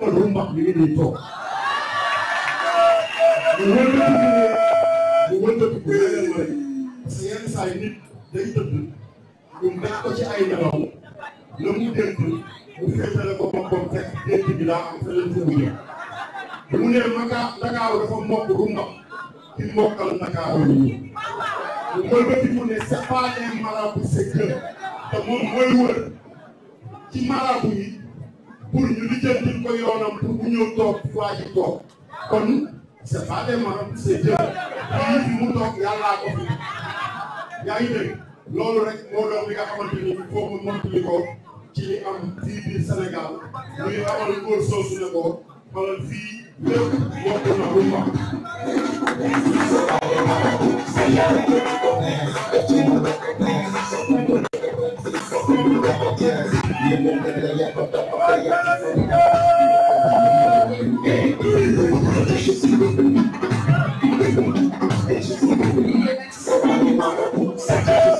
loolu mbax mi ngi nii toog mu wëlbatiku mu wëlbatiku parce que yenn saa yi nit day tëdd ñu def ko ci ay nelaw la mu dégg mu féetale ko boppam fekk dégg bi daa am feneen fu mu jëm bu mu nee maka Ndakaaru dafa mokk du mbax ci mbokkal Ndakaaru la ñu mu wëlbatiku ne c'est pas un marabout c'est Dieu te moom mooy wër ci marabout yi pour ñu lijjantil ko yoonam pour bu ñëw toog waa ji toog kon c'est pas des maam c'est Dieu fii fi mu toog yàllaa ko fi yaa ngi dégg loolu rek moo doon li nga xamante ni foo mu mottali ko ci li am fii biir Sénégal muy amal góor soosu ne ko xoolal fii lépp bokk na lu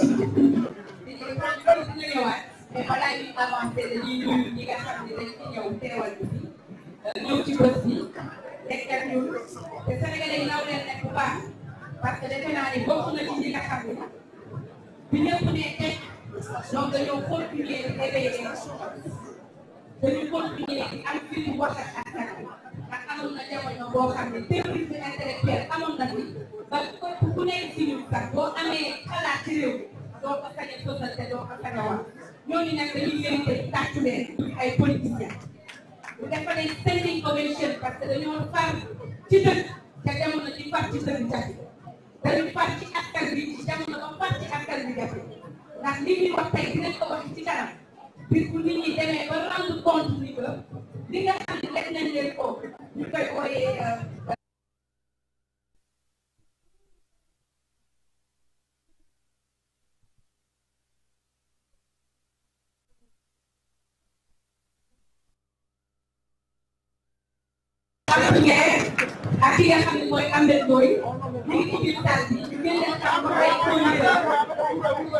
dinañ sant ñu ñëwaat mais balaa ñuy avancé dañuy nuyu ñi nga xam ne dañ ci ñëw teewal bi ñëw ci bés bi nekkal ñun te Sénégalais yi naw leen nekk bu baax parce que defe naa ne bokk na ci ñi nga xam ne bi ñëpp ne teg donc dañoo continuer di éveiller dañu continuer di am fi mu wax ak askan amoon na jamono boo xam ne terrorisme intellectuel amoon na fi ba képp ku nekk ci ñun sax boo amee xalaat ci réew doo ko sañ a sosal te doo ko sañ a wax ñooñu nag dañuy leen di tàccu leen ay politiciens bu defalee standing ovation parce que dañoo far ci dëkk te jamono ci far ci dëkk jafe dañu far ci askan bi ci jamono ba far ci askan bi jafe ndax li ñuy wax tey dinañ ko wax ci kanam bis bu nit ñi demee ba rendre compte ni que li nga xam ne def nañ ñu koy ooyee ak ki nga xam ne mooy am nañ mooy ñu ngi indi taal bi ñu ngi leen taal ba pare ñu ngi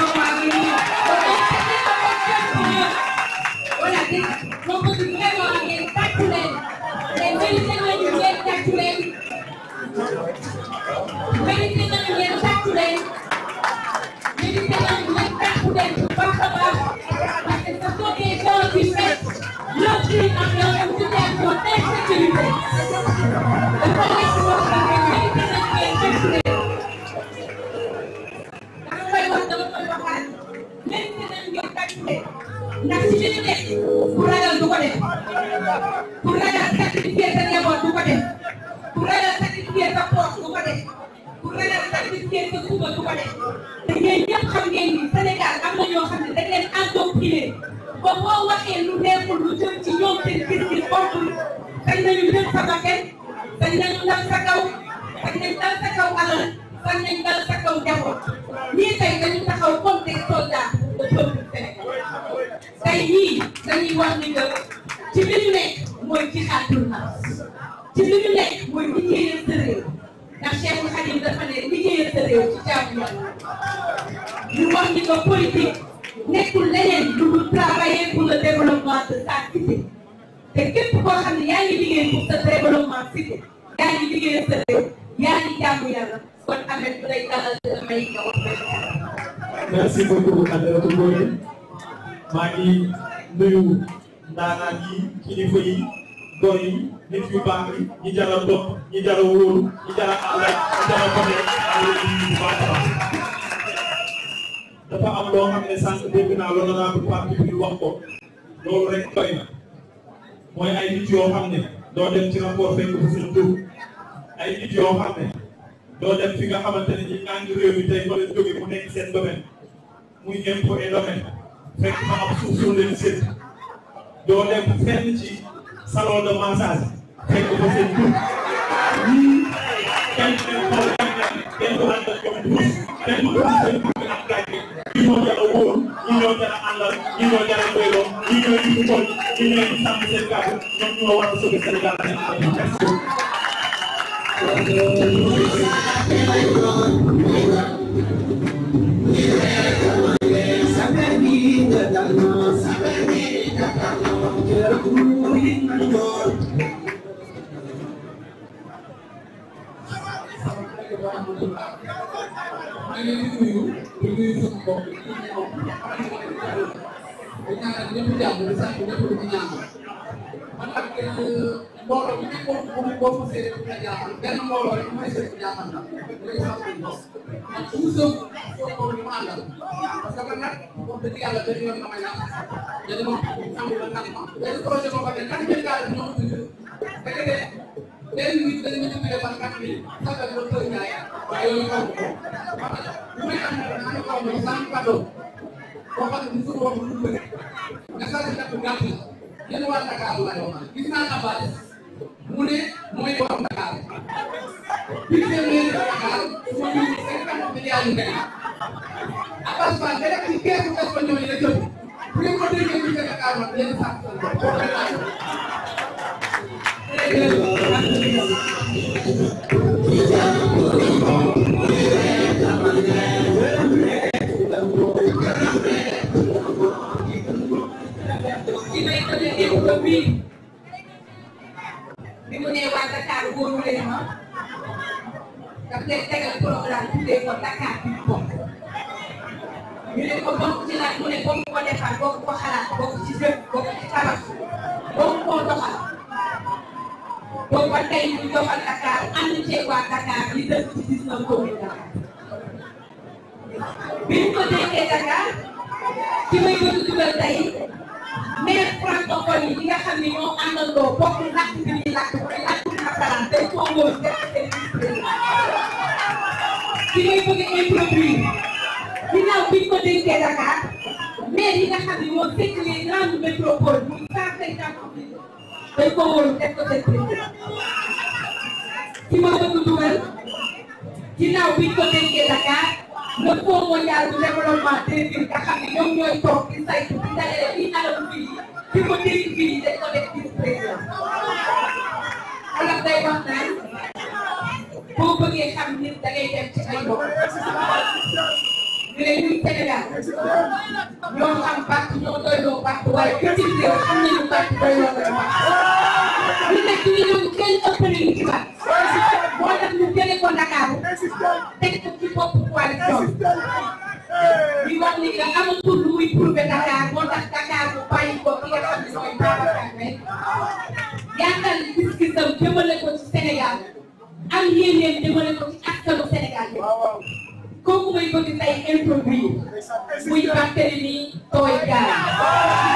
leen. ba du ko def te yéen ñëpp xam ngeen ni Sénégal am na ñoo xam ne dañ leen endoctriné ba boo waxee lu nekkul lu jëm ci ñoom seen gis-gis bokkul dañ nañu jël sa bakkan dañ nañu dal sa kaw dañ nañ dal sa kaw alal dañ nañ dal sa kaw xam ni que politique nekkul leneen lu dul travailler pour le développement de sa cité te képp koo xam ne yaa ngi liggéey pour sa développement cité yaa ngi liggéey sa réew yaa ngi jaamu yàlla kon Ameth bu lay dalal may nga wax merci beaucoup Adjaratou Ngoné maa ngi nuyu ndaanaan yi kilifa yi góor yi nit yu baax yi ñi jar a topp ñi jar a wóolu ñi dafa am loo xam ne sànq dégg naa l'honorable parti bi wax ko loolu rek doy na mooy ay nit yoo xam ne doo dem ci rapport fekk bu seen ay nit yoo xam ne doo dem fi nga xamante ne ñi naan réew mi tey ba leen jóge mu nekk seen domaine muy impôt et fekk fa am suuf soo leen seet dem fekk fa seen tur ñii kenn ne xool kenn ne kenn du ñoo jar a wóor ñii ñoo jar a àndal ñii ñoo jar a doyloo ñii ñoo di ko ñii ñoo di sàmm seen kàddu ñoom ñoo war a sauver Sénégal merci maa ngi leen di nuyu di nuyu sama bopp di nuyu moom di ñaanal ñëpp jàmm di sant ñëpp di ci ñaanal man ak mbooloo bi ñu ko boobu boobu séeréer bi la jaaxal benn mbooloo rek mooy séeréer jaaxal na day sàmm ndox man suñu sëw soo ko ñu àndal parce que man nag wax dëgg yàlla benn yoon damay naan dañu ma sàmm la nag ma benn projet boo xam ne nag ngeen gaal ñoo ko bind léegi ñu ne ñu tuddee par kàddu gi sagal ñu koy jaay waaye ñu xamu ko bu may am ñu xaw ma sans cadeau boo xam ne suñu bopp lu bëgg nga sax di takku gàtt yéen waa Dakar la yoo xam gis naa Abbas mu ne mooy borom Dakar bi ñu demee Dakar su ma ñëwee cinquante milliards yu nekk Abbas Fall nga def ci keesu espagnol yi la jëm bu ngeen ko déggee ñu ne Dakar wax leen sax ci may ko ne néew ko bii bi mu nee waa Dakar wóoru leen ma daf leen tegal programme tuddee ko Dakar bi bokk ñu ne ko bokk ci laaj mu ne bokk ko defar bokk ko xalaat bokk ci jëf bokk ci tabax bokk koo doxal boobu ba tey ñu doxal Dakar ànd ceeg waa Dakar li dëkk ci gis na commune Dakar bi ñu ko dénkee Dakar ci may bëgg dugal tey meilleur protocole yi nga xam ne ñoo àndandoo bokk làkk bi ñuy làkk bu dee làkk bi nasaraan day songoo jàppale ci ngay bëgg a introduire ginnaaw bi ñu ko dénkee Dakar maire yi nga xam ne ñoo fekk les grandes métropoles muy cent cinquante mille dañ ko wóolu def ko seen président ci ma bëgg dugal ginnaaw bi ñu ko dénkee Dakar le Fonds mondial du développement des villes nga xam ne ñoom ñooy toog di saytu di dajale di alalu fii di ko jëriñ fii dañ ko def vice président. wala day wax naan boo bëggee xam nit da ngay dem ci ay mbokk. ñu ne ñun Sénégal ñoo xam bàtt ñoo doyloo bàtt waaye petit réew xam nañu bàtt doyloo bàtt. ñu nekk ñu ñëw kenn ëppale ñu ci bàtt. moo tax ñu ko Ndakaaru teg ko ci bopp coalition bi wax ni nga amatul lu muy prouvé Dakar moo tax Dakar bu bàyyi ko ki nga xam ne mooy Babacar Mbaye yaatal gis-gisam jëmale ko ci Sénégal am yéeneen jëmale ko ci askanu Sénégal bi kooku may bëgg tey introduire muy Barthélémy Tooy Dias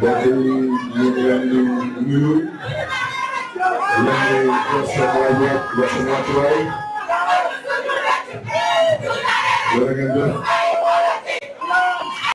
mbokk yi ñu ngi leen di nuyu leen di seen waay ak seen wàccuwaay